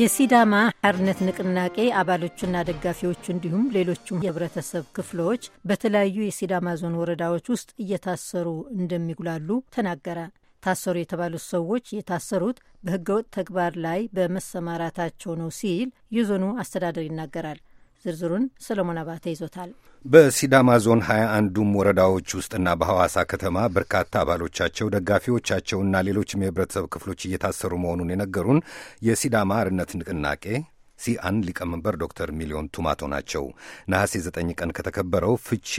የሲዳማ ሐርነት ንቅናቄ አባሎቹና ደጋፊዎቹ እንዲሁም ሌሎቹም የህብረተሰብ ክፍሎች በተለያዩ የሲዳማ ዞን ወረዳዎች ውስጥ እየታሰሩ እንደሚጉላሉ ተናገረ። ታሰሩ የተባሉት ሰዎች የታሰሩት በህገወጥ ተግባር ላይ በመሰማራታቸው ነው ሲል የዞኑ አስተዳደር ይናገራል። ዝርዝሩን ሰሎሞን አባተ ይዞታል። በሲዳማ ዞን ሀያ አንዱም ወረዳዎች ውስጥና በሐዋሳ ከተማ በርካታ አባሎቻቸው ደጋፊዎቻቸውና ሌሎችም የህብረተሰብ ክፍሎች እየታሰሩ መሆኑን የነገሩን የሲዳማ አርነት ንቅናቄ ሲአን ሊቀመንበር ዶክተር ሚሊዮን ቱማቶ ናቸው። ነሐሴ 9 ቀን ከተከበረው ፍቼ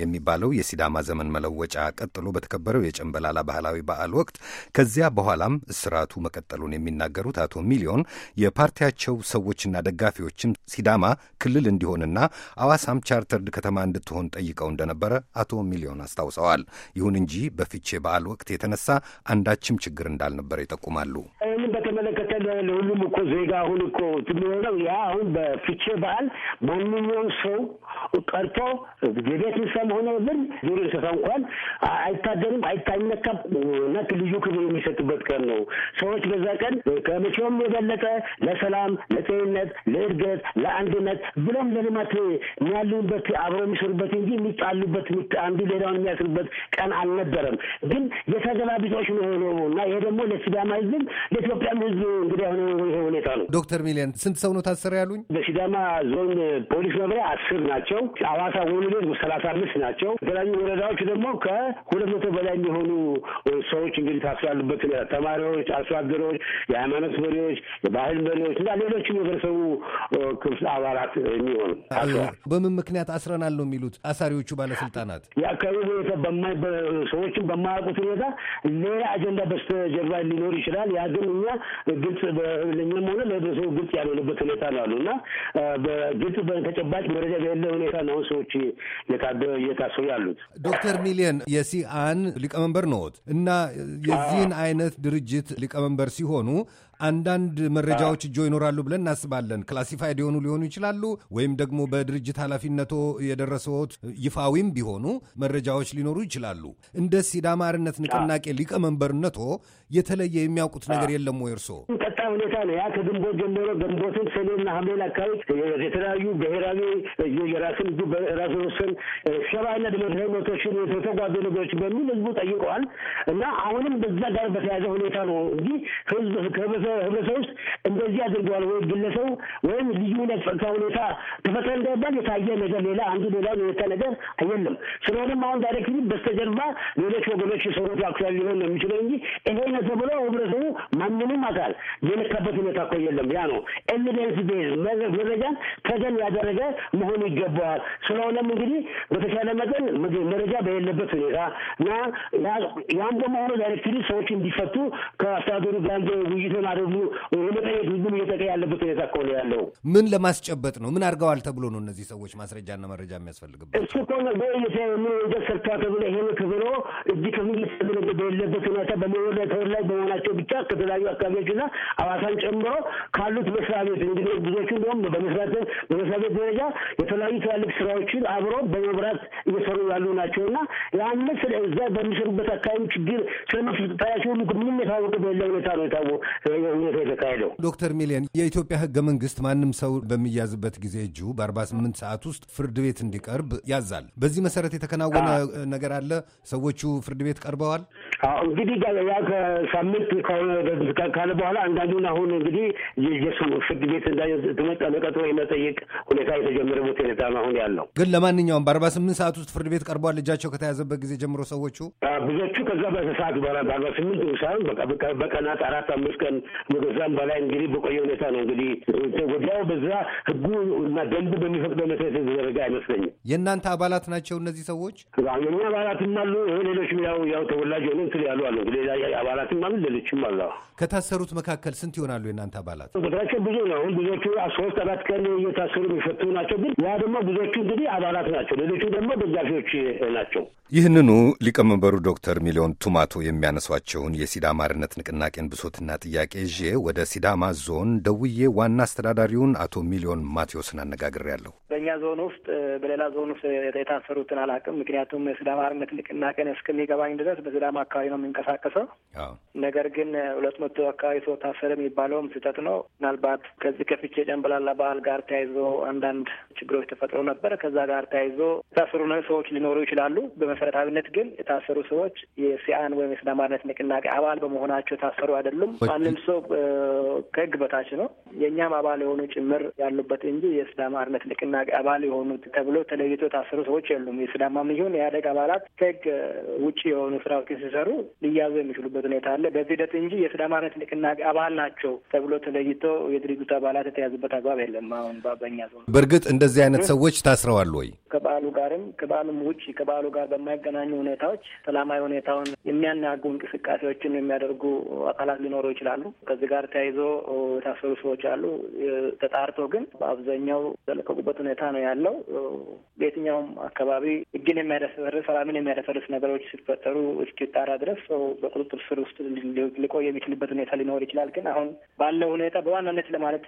የሚባለው የሲዳማ ዘመን መለወጫ ቀጥሎ በተከበረው የጨንበላላ ባህላዊ በዓል ወቅት ከዚያ በኋላም እስራቱ መቀጠሉን የሚናገሩት አቶ ሚሊዮን የፓርቲያቸው ሰዎችና ደጋፊዎችም ሲዳማ ክልል እንዲሆንና አዋሳም ቻርተርድ ከተማ እንድትሆን ጠይቀው እንደነበረ አቶ ሚሊዮን አስታውሰዋል። ይሁን እንጂ በፍቼ በዓል ወቅት የተነሳ አንዳችም ችግር እንዳልነበረ ይጠቁማሉ። ይህንም በተመለከተ ለሁሉም እኮ ዜጋ አሁን እኮ ነው ያ አሁን በፊቼ በዓል ማንኛውም ሰው ቀርቶ የቤት እንስሳም ሆነ ብል ዱር እንስሳ እንኳን አይታደርም፣ አይታይነካም እና ልዩ ክብር የሚሰጥበት ቀን ነው። ሰዎች በዛ ቀን ከመቼውም የበለጠ ለሰላም፣ ለጤንነት፣ ለእድገት፣ ለአንድነት ብሎም ለልማት የሚያሉበት አብረው የሚሰሩበት እንጂ የሚጣሉበት አንዱ ሌላውን የሚያስሩበት ቀን አልነበረም። ግን የተገላቢጦሽ ነው የሆነው እና ይሄ ደግሞ ለሲዳማ ህዝብም ለኢትዮጵያም ህዝብ እንግዲህ ሆነ ይሄ ሁኔታ ነው። ዶክተር ሚሊየን ስንት ሰው ነው ታሰር ያሉኝ? በሲዳማ ዞን ፖሊስ መምሪያ አስር ናቸው። አዋሳ ወለደ ሰላሳ አምስት ናቸው። የተለያዩ ወረዳዎች ደግሞ ከሁለት መቶ በላይ የሚሆኑ ሰዎች እንግዲህ ታስር ያሉበት ተማሪዎች፣ አርሶ አደሮች፣ የሃይማኖት መሪዎች፣ የባህል መሪዎች እና ሌሎች የህብረተሰቡ ክፍል አባላት የሚሆኑ በምን ምክንያት አስረናል ነው የሚሉት አሳሪዎቹ ባለስልጣናት የአካባቢ ሁኔታ ሰዎችን በማያውቁት ሁኔታ ሌላ አጀንዳ በስተጀርባ ሊኖር ይችላል። ያ ግን እኛ ግልጽ ለኛም ሆነ ለህብረተሰቡ ግልጽ ያልሆነበት ያለበት ሁኔታ ነው አሉ እና በግልጽ ተጨባጭ መረጃ በሌለ ሁኔታ ነው አሁን ሰዎች እየታሰሩ ያሉት። ዶክተር ሚሊየን የሲአን ሊቀመንበር ነዎት እና የዚህን አይነት ድርጅት ሊቀመንበር ሲሆኑ አንዳንድ መረጃዎች እጆ ይኖራሉ ብለን እናስባለን። ክላሲፋይድ የሆኑ ሊሆኑ ይችላሉ፣ ወይም ደግሞ በድርጅት ኃላፊነቶ የደረሰዎት ይፋዊም ቢሆኑ መረጃዎች ሊኖሩ ይችላሉ። እንደ ሲዳማ አርነት ንቅናቄ ሊቀመንበርነቶ የተለየ የሚያውቁት ነገር የለም ወይ እርስዎ? ሁኔታ ነው ያ ከግንቦት ጀምሮ ግንቦትን ሰኔና ሐምሌን አካባቢ የተለያዩ ብሔራዊ የራስን ራሱን ወሰን ሰብአዊና ዲሞክራሲያዊ መብቶችን የተጓዙ ነገሮች በሚል ህዝቡ ጠይቀዋል እና አሁንም በዛ ጋር በተያያዘ ሁኔታ ነው እንጂ ህብረተሰብ ውስጥ እንደዚህ አድርገዋል ወይ ግለሰቡ ወይም ልዩነት ጸጥታ ሁኔታ ተፈጥረ እንዳይባል የታየ ነገር ሌላ አንዱ ሌላ የወጣ ነገር አየለም። ስለሆነም አሁን ዳይሬክትሊ በስተጀርባ ሌሎች ወገኖች የሰሩት አክሲል ሊሆን ነው የሚችለው እንጂ ይሄ ነው ተብሎ ህብረተሰቡ ማንንም አካል የነካበት ሁኔታ እኮ የለም። ያ ነው ኤቪደንስ ቤዝ መረጃን ተገን ያደረገ መሆን ይገባዋል። ስለሆነም እንግዲህ በተሻ በተቻለ መጠን መረጃ በሌለበት ሁኔታ እና ያም በመሆኑ ዳይሬክትሪ ሰዎች እንዲፈቱ ከአስተዳደሩ ጋር ውይይት በማድረጉ የመጠየቅ ህዝቡ እየጠቀ ያለበት ሁኔታ ከሆነ ያለው ምን ለማስጨበጥ ነው? ምን አድርገዋል ተብሎ ነው እነዚህ ሰዎች ማስረጃና መረጃ የሚያስፈልግበት እሱ ከሆነ ምን ወንጀል ሰርቷል ተብሎ ይህን ክብሎ እዚህ ክፍል በሌለበት ሁኔታ በመወረ ተወላጅ በመሆናቸው ብቻ ከተለያዩ አካባቢዎችና አዋሳን ጨምሮ ካሉት መስሪያ ቤት እንግዲህ ብዙዎቹ እንዲሁም በመስሪያ ቤት ደረጃ የተለያዩ ትላልቅ ስራዎችን አብሮ በመብራት እየሰሩ ያሉ ናቸው እና ያንን ስለ እዛ በሚሰሩበት አካባቢ ችግር ስለመፍጠራቸው ምንም የታወቀ በሌለ ሁኔታ ነው የታወ ሁኔታ የተካሄደው። ዶክተር ሚሊየን የኢትዮጵያ ህገ መንግስት ማንም ሰው በሚያዝበት ጊዜ እጁ በአርባ ስምንት ሰዓት ውስጥ ፍርድ ቤት እንዲቀርብ ያዛል። በዚህ መሰረት የተከናወነ ነገር አለ። ሰዎቹ ፍርድ ቤት ቀርበዋል። እንግዲህ ያ ከሳምንት ካለ በኋላ አንዳንዱን አሁን እንግዲህ የሱ ፍርድ ቤት እንዳይመጣ ለቀጥሮ የመጠየቅ ሁኔታ የተጀመረበት ሁኔታ ነው አሁን ያለው ግን ለማንኛውም በአርባ ስምንት ሰዓት ውስጥ ፍርድ ቤት ቀርቧል። ልጃቸው ከተያዘበት ጊዜ ጀምሮ ሰዎቹ ብዙዎቹ ከዛ በሰዓት በአርባ ስምንት ሳይሆን በቀናት አራት አምስት ቀን ከዛም በላይ እንግዲህ በቆየ ሁኔታ ነው እንግዲህ ወዲያው በዛ ህጉ እና ደንብ በሚፈቅደው መሰረት የተደረገ አይመስለኝም። የእናንተ አባላት ናቸው እነዚህ ሰዎች? የኛ አባላትም አሉ ሌሎች ያው ያው ተወላጅ የሆኑ እንትን ያሉ አሉ። ሌላ አባላትም አሉ ሌሎችም አሉ። ከታሰሩት መካከል ስንት ይሆናሉ? የእናንተ አባላት ቁጥራቸው ብዙ ነው። አሁን ብዙዎቹ ሶስት አራት ቀን እየታሰሩ የሚፈቱ ናቸው። ግን ያ ደግሞ ብዙዎቹ እንግዲህ አባላት ናቸው፣ ሌሎቹ ደግሞ ደጋፊዎች ናቸው። ይህንኑ ሊቀመንበሩ ዶክተር ሚሊዮን ቱማቶ የሚያነሷቸውን የሲዳማ አርነት ንቅናቄን ብሶትና ጥያቄ ይዤ ወደ ሲዳማ ዞን ደውዬ ዋና አስተዳዳሪውን አቶ ሚሊዮን ማቴዎስን አነጋግሬያለሁ። በእኛ ዞን ውስጥ በሌላ ዞን ውስጥ የታሰሩትን አላውቅም። ምክንያቱም ሲዳማ አርነት ንቅናቄን እስከሚገባኝ ድረስ በሲዳማ አካባቢ ነው የሚንቀሳቀሰው ነገር ግን ሁለት መቶ አካባቢ ሰው ታሰረ የሚባለውም ስህተት ነው። ምናልባት ከዚህ ከፊቼ ጨንበላላ በዓል ጋር ተያይዞ አንዳንድ ችግሮች ተፈጥሮ ነበር። ከዛ ጋር ተያይዞ የታሰሩ ሰዎች ሊኖሩ ይችላሉ። በመሰረታዊነት ግን የታሰሩ ሰዎች የሲአን ወይም የስዳማነት ንቅናቄ አባል በመሆናቸው የታሰሩ አይደሉም። ማንም ሰው ከህግ በታች ነው። የእኛም አባል የሆኑ ጭምር ያሉበት እንጂ የስዳማነት ንቅናቄ አባል የሆኑት ተብሎ ተለይቶ የታሰሩ ሰዎች የሉም። የሲዳማም ይሁን የአደግ አባላት ከህግ ውጭ የሆኑ ስራዎችን ሲሰሩ ሊያዙ የሚችሉበት ሁኔታ አለ። በዚህ ሂደት እንጂ የስዳማ የአማራ ንቅናቄ አባል ናቸው ተብሎ ተለይቶ የድርጅቱ አባላት የተያዙበት አግባብ የለም። አሁን በኛ በእርግጥ እንደዚህ አይነት ሰዎች ታስረዋል ወይ? ከበዓሉ ጋርም ከበዓሉም ውጭ ከበዓሉ ጋር በማይገናኙ ሁኔታዎች ሰላማዊ ሁኔታውን የሚያናጉ እንቅስቃሴዎችን የሚያደርጉ አካላት ሊኖሩ ይችላሉ። ከዚህ ጋር ተያይዞ የታሰሩ ሰዎች አሉ። ተጣርቶ ግን በአብዛኛው ዘለቀቁበት ሁኔታ ነው ያለው። በየትኛውም አካባቢ እጅን የሚያደፈርስ ሰላምን የሚያደፈርስ ነገሮች ሲፈጠሩ እስኪጣራ ድረስ ሰው በቁጥጥር ስር ውስጥ ሊቆይ የሚችልበት የሚችልበት ሁኔታ ሊኖር ይችላል። ግን አሁን ባለው ሁኔታ በዋናነት ለማለት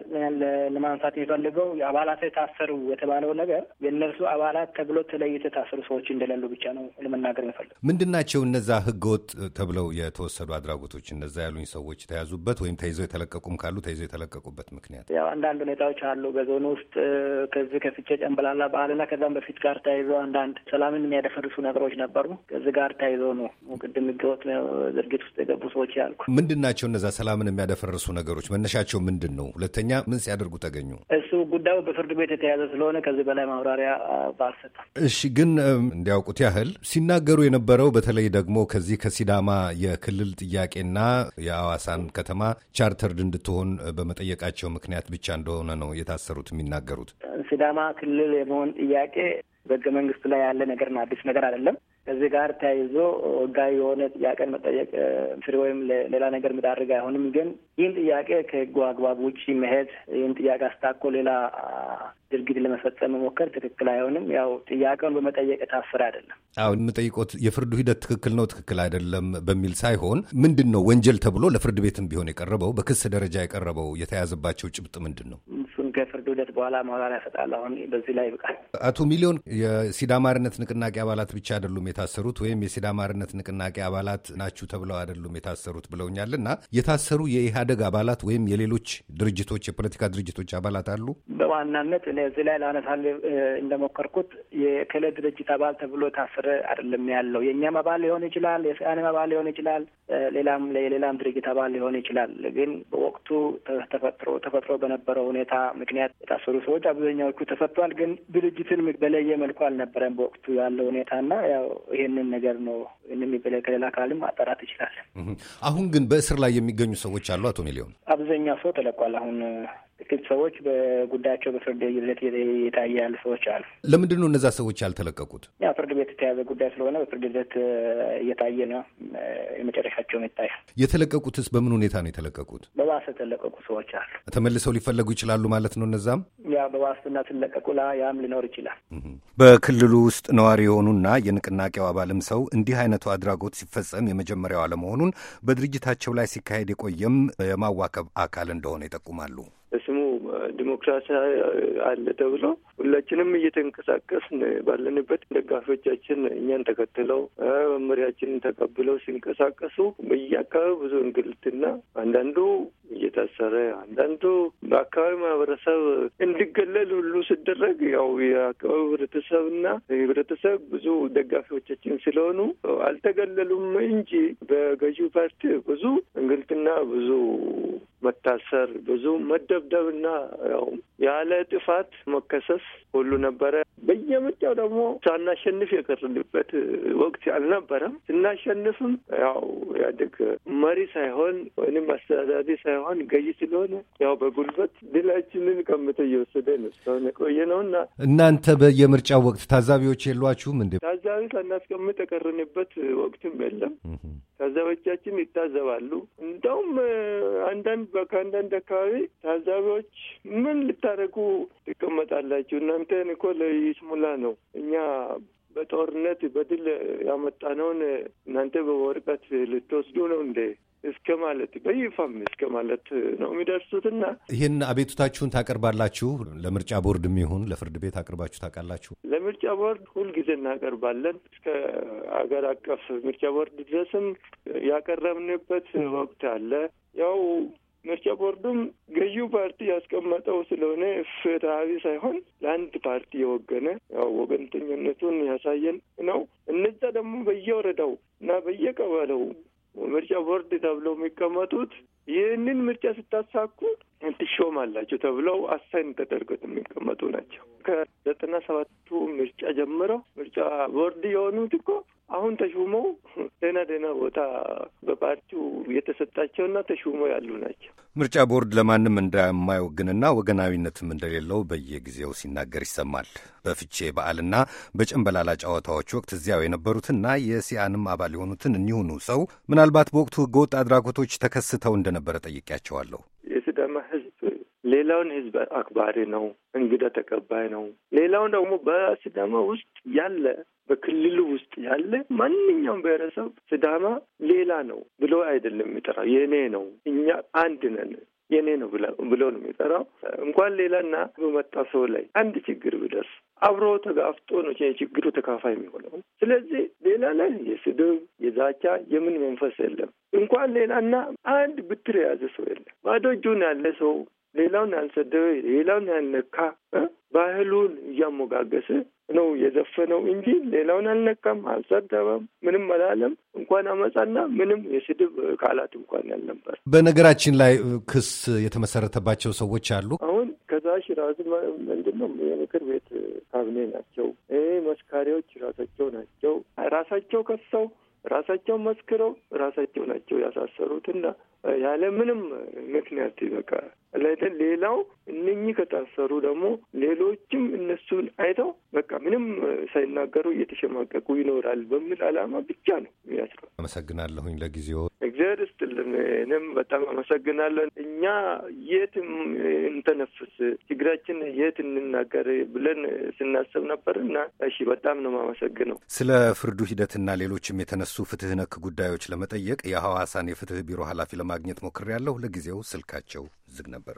ለማንሳት የሚፈልገው አባላት የታሰሩ የተባለው ነገር የእነርሱ አባላት ተብሎ ተለይቶ የታሰሩ ሰዎች እንደሌሉ ብቻ ነው ለመናገር የሚፈልገው። ምንድን ናቸው እነዛ ህገወጥ ተብለው የተወሰዱ አድራጎቶች? እነዛ ያሉኝ ሰዎች የተያዙበት ወይም ተይዘው የተለቀቁም ካሉ ተይዘው የተለቀቁበት ምክንያት ያው አንዳንድ ሁኔታዎች አሉ። በዞኑ ውስጥ ከዚህ ከፍቼ ጨንበላላ በዓልና ከዛም በፊት ጋር ተያይዞ አንዳንድ ሰላምን የሚያደፈርሱ ነገሮች ነበሩ። ከዚህ ጋር ተያይዞ ነው ቅድም ህገወጥ ድርጊት ውስጥ የገቡ ሰዎች ያልኩ ምንድን ናቸው እነዛ ሰላምን የሚያደፈርሱ ነገሮች መነሻቸው ምንድን ነው? ሁለተኛ ምን ሲያደርጉ ተገኙ? እሱ ጉዳዩ በፍርድ ቤት የተያዘ ስለሆነ ከዚህ በላይ ማብራሪያ ባልሰጥም። እሺ፣ ግን እንዲያውቁት ያህል ሲናገሩ የነበረው በተለይ ደግሞ ከዚህ ከሲዳማ የክልል ጥያቄና የአዋሳን ከተማ ቻርተርድ እንድትሆን በመጠየቃቸው ምክንያት ብቻ እንደሆነ ነው የታሰሩት የሚናገሩት። ሲዳማ ክልል የመሆን ጥያቄ በህገ መንግስት ላይ ያለ ነገርና አዲስ ነገር አይደለም። ከዚህ ጋር ተያይዞ ህጋዊ የሆነ ጥያቄን መጠየቅ ፍሪ ወይም ሌላ ነገር ምዳርግ አይሆንም። ግን ይህን ጥያቄ ከህጉ አግባብ ውጭ መሄድ፣ ይህን ጥያቄ አስታኮ ሌላ ድርጊት ለመፈጸም መሞከር ትክክል አይሆንም። ያው ጥያቄውን በመጠየቅ የታፈረ አይደለም። አዎ የምጠይቆት የፍርዱ ሂደት ትክክል ነው ትክክል አይደለም በሚል ሳይሆን ምንድን ነው ወንጀል ተብሎ ለፍርድ ቤትም ቢሆን የቀረበው በክስ ደረጃ የቀረበው የተያዘባቸው ጭብጥ ምንድን ነው? እሱን ከፍርድ ውደት በኋላ ማብራሪያ እሰጣለሁ። አሁን በዚህ ላይ ይብቃል። አቶ ሚሊዮን የሲዳ አርነት ንቅናቄ አባላት ብቻ አይደሉም የታሰሩት ወይም የሲዳ አርነት ንቅናቄ አባላት ናችሁ ተብለው አይደሉም የታሰሩት ብለውኛል። እና የታሰሩ የኢህአደግ አባላት ወይም የሌሎች ድርጅቶች የፖለቲካ ድርጅቶች አባላት አሉ። በዋናነት እዚህ ላይ ለአነሳል እንደሞከርኩት የክለ ድርጅት አባል ተብሎ የታሰረ አይደለም ያለው። የእኛም አባል ሊሆን ይችላል፣ የሲያንም አባል ሊሆን ይችላል፣ ሌላም የሌላም ድርጅት አባል ሊሆን ይችላል። ግን በወቅቱ ተፈጥሮ ተፈጥሮ በነበረው ሁኔታ ምክንያት የታሰሩ ሰዎች አብዛኛዎቹ ተፈቷል። ግን ድርጅትን በለየ መልኩ አልነበረም በወቅቱ ያለው ሁኔታና ያው ይሄንን ነገር ነው ከሌላ አካልም ማጣራት ይችላል። አሁን ግን በእስር ላይ የሚገኙ ሰዎች አሉ። አቶ ሚሊዮን አብዛኛው ሰው ተለቋል። አሁን ጥቂት ሰዎች በጉዳያቸው በፍርድ ሂደት የታየ ያሉ ሰዎች አሉ። ለምንድን ነው እነዛ ሰዎች ያልተለቀቁት? ያው ፍርድ ቤት የተያዘ ጉዳይ ስለሆነ በፍርድ ሂደት እየታየ ነው። የመጨረሻቸውም ይታያል። የተለቀቁትስ በምን ሁኔታ ነው የተለቀቁት? በባሰ የተለቀቁ ሰዎች አሉ። ተመልሰው ሊፈለጉ ይችላሉ ማለት ማለት ነው። እነዛም ያ በዋስትና ስለቀቁ ያም ሊኖር ይችላል። በክልሉ ውስጥ ነዋሪ የሆኑና የንቅናቄው አባልም ሰው እንዲህ አይነቱ አድራጎት ሲፈጸም የመጀመሪያው አለመሆኑን በድርጅታቸው ላይ ሲካሄድ የቆየም የማዋከብ አካል እንደሆነ ይጠቁማሉ። ስሙ ዲሞክራሲ አለ ተብሎ ሁላችንም እየተንቀሳቀስን ባለንበት ደጋፊዎቻችን እኛን ተከትለው መመሪያችንን ተቀብለው ሲንቀሳቀሱ በየአካባቢው ብዙ እንግልትና አንዳንዱ እየታሰረ አንዳንዱ በአካባቢ ማህበረሰብ እንዲገለል ሁሉ ሲደረግ ያው የአካባቢ ህብረተሰብና ህብረተሰብ ብዙ ደጋፊዎቻችን ስለሆኑ አልተገለሉም እንጂ በገዢው ፓርቲ ብዙ እንግልትና ብዙ መታሰር፣ ብዙ መደብደብና ያው ያለ ጥፋት መከሰስ ሁሉ ነበረ። በየምርጫው ደግሞ ሳናሸንፍ የቀርንበት ወቅት አልነበረም። ስናሸንፍም ያው ያድግ መሪ ሳይሆን ወይም አስተዳዳሪ ሳይሆን ገዢ ስለሆነ ያው በጉልበት ድላችንን ቀምቶ እየወሰደ ነው እስካሁን የቆየ ነውና እናንተ በየምርጫው ወቅት ታዛቢዎች የሏችሁም እንዴ? ታዛቢ ሳናስቀምጥ የቀርንበት ወቅትም የለም። ታዛቢዎቻችን ይታዘባሉ። እንደውም አንዳንድ በከንዳንድ አካባቢ ታዛቢዎች ምን ልታደርጉ ትቀመጣላችሁ? እናንተን እኮ ለይስሙላ ነው እኛ በጦርነት በድል ያመጣነውን እናንተ በወረቀት ልትወስዱ ነው እንዴ? እስከ ማለት በይፋም እስከ ማለት ነው የሚደርሱትና ይህን አቤቱታችሁን ታቀርባላችሁ? ለምርጫ ቦርድም ይሁን ለፍርድ ቤት አቅርባችሁ ታውቃላችሁ? ለምርጫ ቦርድ ሁልጊዜ እናቀርባለን። እስከ አገር አቀፍ ምርጫ ቦርድ ድረስም ያቀረብንበት ወቅት አለ። ያው ምርጫ ቦርዱም ገዢው ፓርቲ ያስቀመጠው ስለሆነ ፍትሀዊ ሳይሆን ለአንድ ፓርቲ የወገነ ያው ወገንተኝነቱን ያሳየን ነው። እነዛ ደግሞ በየወረዳው እና በየቀበለው ምርጫ ቦርድ ተብለው የሚቀመጡት ይህንን ምርጫ ስታሳኩ ትሾማላችሁ ተብለው አሳይን ተደርገት የሚቀመጡ ናቸው። ከዘጠና ሰባቱ ምርጫ ጀምረው ምርጫ ቦርድ የሆኑት እኮ አሁን ተሹሞ ደህና ደህና ቦታ በፓርቲው የተሰጣቸውና ተሹሞ ያሉ ናቸው። ምርጫ ቦርድ ለማንም እንደማይወግንና ወገናዊነትም እንደሌለው በየጊዜው ሲናገር ይሰማል። በፍቼ በዓልና በጭንበላላ ጨዋታዎች ወቅት እዚያው የነበሩትና የሲያንም አባል የሆኑትን እኒሁኑ ሰው ምናልባት በወቅቱ ህገወጥ አድራጎቶች ተከስተው እንደነበረ ጠይቄያቸዋለሁ። የስዳማ ሌላውን ህዝብ አክባሪ ነው፣ እንግዳ ተቀባይ ነው። ሌላውን ደግሞ በስዳማ ውስጥ ያለ በክልሉ ውስጥ ያለ ማንኛውም ብሔረሰብ ስዳማ ሌላ ነው ብሎ አይደለም የሚጠራው የኔ ነው እኛ አንድ ነን የኔ ነው ብሎ ነው የሚጠራው። እንኳን ሌላና በመጣ ሰው ላይ አንድ ችግር ብደርስ አብሮ ተጋፍጦ ነው የችግሩ ተካፋይ የሚሆነው። ስለዚህ ሌላ ላይ የስድብ የዛቻ የምን መንፈስ የለም። እንኳን ሌላና አንድ ብትር የያዘ ሰው የለም። ባዶ እጁን ያለ ሰው ሌላውን ያልሰደበ ሌላውን ያልነካ ባህሉን እያሞጋገሰ ነው የዘፈነው እንጂ ሌላውን አልነካም፣ አልሰደበም፣ ምንም አላለም። እንኳን አመፃና ምንም የስድብ ቃላት እንኳን ያልነበር። በነገራችን ላይ ክስ የተመሰረተባቸው ሰዎች አሉ። አሁን ከዛሽ ራሱ ምንድን ነው የምክር ቤት ካቢኔ ናቸው። መስካሪዎች ራሳቸው ናቸው። ራሳቸው ከሰው ራሳቸው መስክረው ራሳቸው ናቸው ያሳሰሩትና ያለ ምንም ምክንያት በቃ ለትን ሌላው እነኚህ ከታሰሩ ደግሞ ሌሎችም እነሱን አይተው በቃ ምንም ሳይናገሩ እየተሸማቀቁ ይኖራል በሚል አላማ ብቻ ነው የሚያስረው። አመሰግናለሁኝ ለጊዜው እግዚአብሔር ይስጥልን። እኔም በጣም አመሰግናለን። እኛ የት እንተነፍስ ችግራችን የት እንናገር ብለን ስናስብ ነበር እና እሺ፣ በጣም ነው የማመሰግነው። ስለ ፍርዱ ሂደትና ሌሎችም የተነሱ ፍትህ ነክ ጉዳዮች ለመጠየቅ የሐዋሳን የፍትህ ቢሮ ኃላፊ ለማግኘት ሞክሬያለሁ። ለጊዜው ስልካቸው ዝግ ነበር።